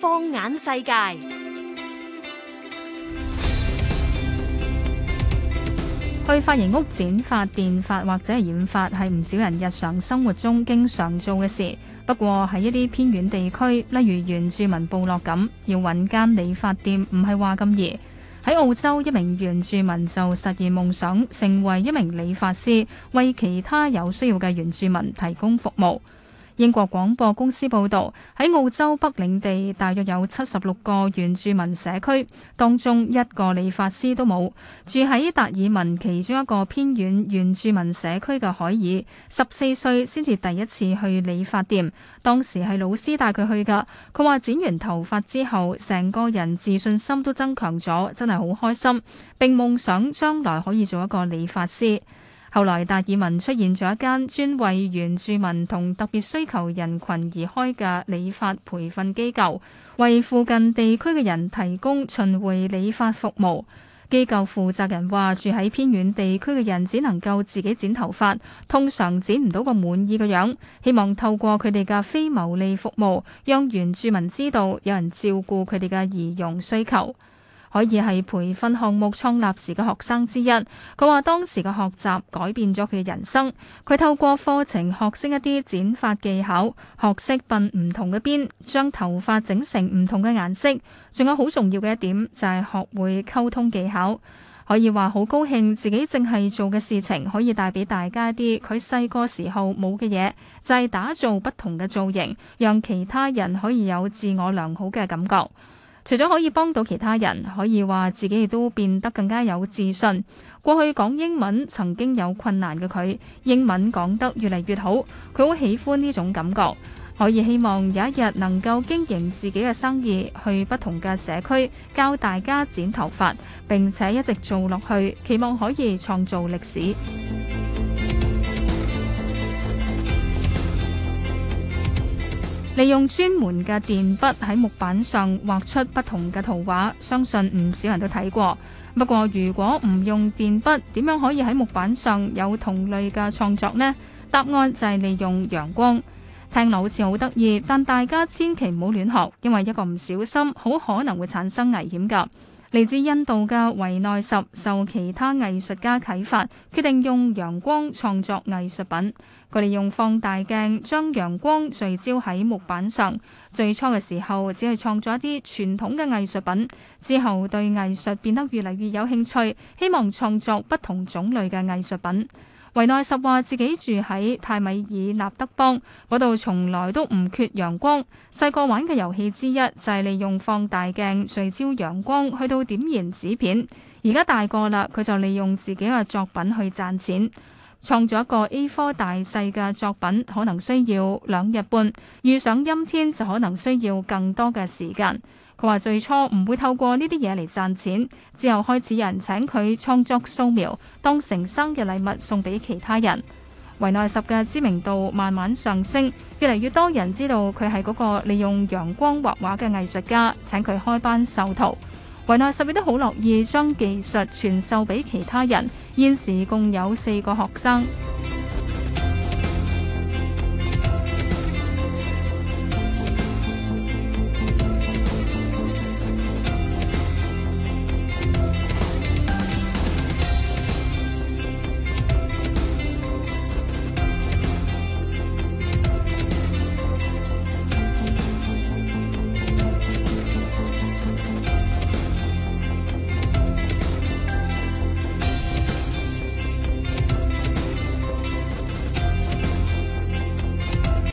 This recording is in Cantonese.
放眼世界，去髮型屋剪髮、電髮或者染髮係唔少人日常生活中經常做嘅事。不過喺一啲偏遠地區，例如原住民部落咁，要揾間理髮店唔係話咁易。喺澳洲，一名原住民就實現夢想，成為一名理髮師，為其他有需要嘅原住民提供服務。英國廣播公司報道，喺澳洲北領地大約有七十六個原住民社區，當中一個理髮師都冇。住喺達爾文其中一個偏遠原住民社區嘅海爾，十四歲先至第一次去理髮店，當時係老師帶佢去㗎。佢話剪完頭髮之後，成個人自信心都增強咗，真係好開心，並夢想將來可以做一個理髮師。後來，達爾文出現咗一間專為原住民同特別需求人群而開嘅理髮培訓機構，為附近地區嘅人提供巡回理髮服務。機構負責人話：住喺偏遠地區嘅人只能夠自己剪頭髮，通常剪唔到個滿意嘅樣。希望透過佢哋嘅非牟利服務，讓原住民知道有人照顧佢哋嘅儀容需求。可以係培訓項目創立時嘅學生之一，佢話當時嘅學習改變咗佢嘅人生。佢透過課程學識一啲剪髮技巧，學識笨唔同嘅辮，將頭髮整成唔同嘅顏色。仲有好重要嘅一點就係學會溝通技巧。可以話好高興自己淨係做嘅事情可以帶俾大家啲佢細個時候冇嘅嘢，就係打造不同嘅造型，讓其他人可以有自我良好嘅感覺。除咗可以幫到其他人，可以話自己亦都變得更加有自信。過去講英文曾經有困難嘅佢，英文講得越嚟越好，佢好喜歡呢種感覺。可以希望有一日能夠經營自己嘅生意，去不同嘅社區教大家剪頭髮，並且一直做落去，期望可以創造歷史。利用專門嘅電筆喺木板上畫出不同嘅圖畫，相信唔少人都睇過。不過如果唔用電筆，點樣可以喺木板上有同類嘅創作呢？答案就係利用陽光。聽落好似好得意，但大家千祈唔好亂學，因為一個唔小心，好可能會產生危險㗎。嚟自印度嘅維奈什受其他藝術家啟發，決定用陽光創作藝術品。佢哋用放大鏡將陽光聚焦喺木板上。最初嘅時候，只係創作一啲傳統嘅藝術品。之後對藝術變得越嚟越有興趣，希望創作不同種類嘅藝術品。維奈什話自己住喺泰米爾納德邦，嗰度從來都唔缺陽光。細個玩嘅遊戲之一就係利用放大鏡聚焦陽光去到點燃紙片。而家大個啦，佢就利用自己嘅作品去賺錢。創作一個 A 4大細嘅作品，可能需要兩日半，遇上陰天就可能需要更多嘅時間。佢話最初唔會透過呢啲嘢嚟賺錢，之後開始有人請佢創作素描，當成生日禮物送俾其他人。維奈什嘅知名度慢慢上升，越嚟越多人知道佢係嗰個利用陽光畫畫嘅藝術家，請佢開班授徒。維奈什亦都好樂意將技術傳授俾其他人，現時共有四個學生。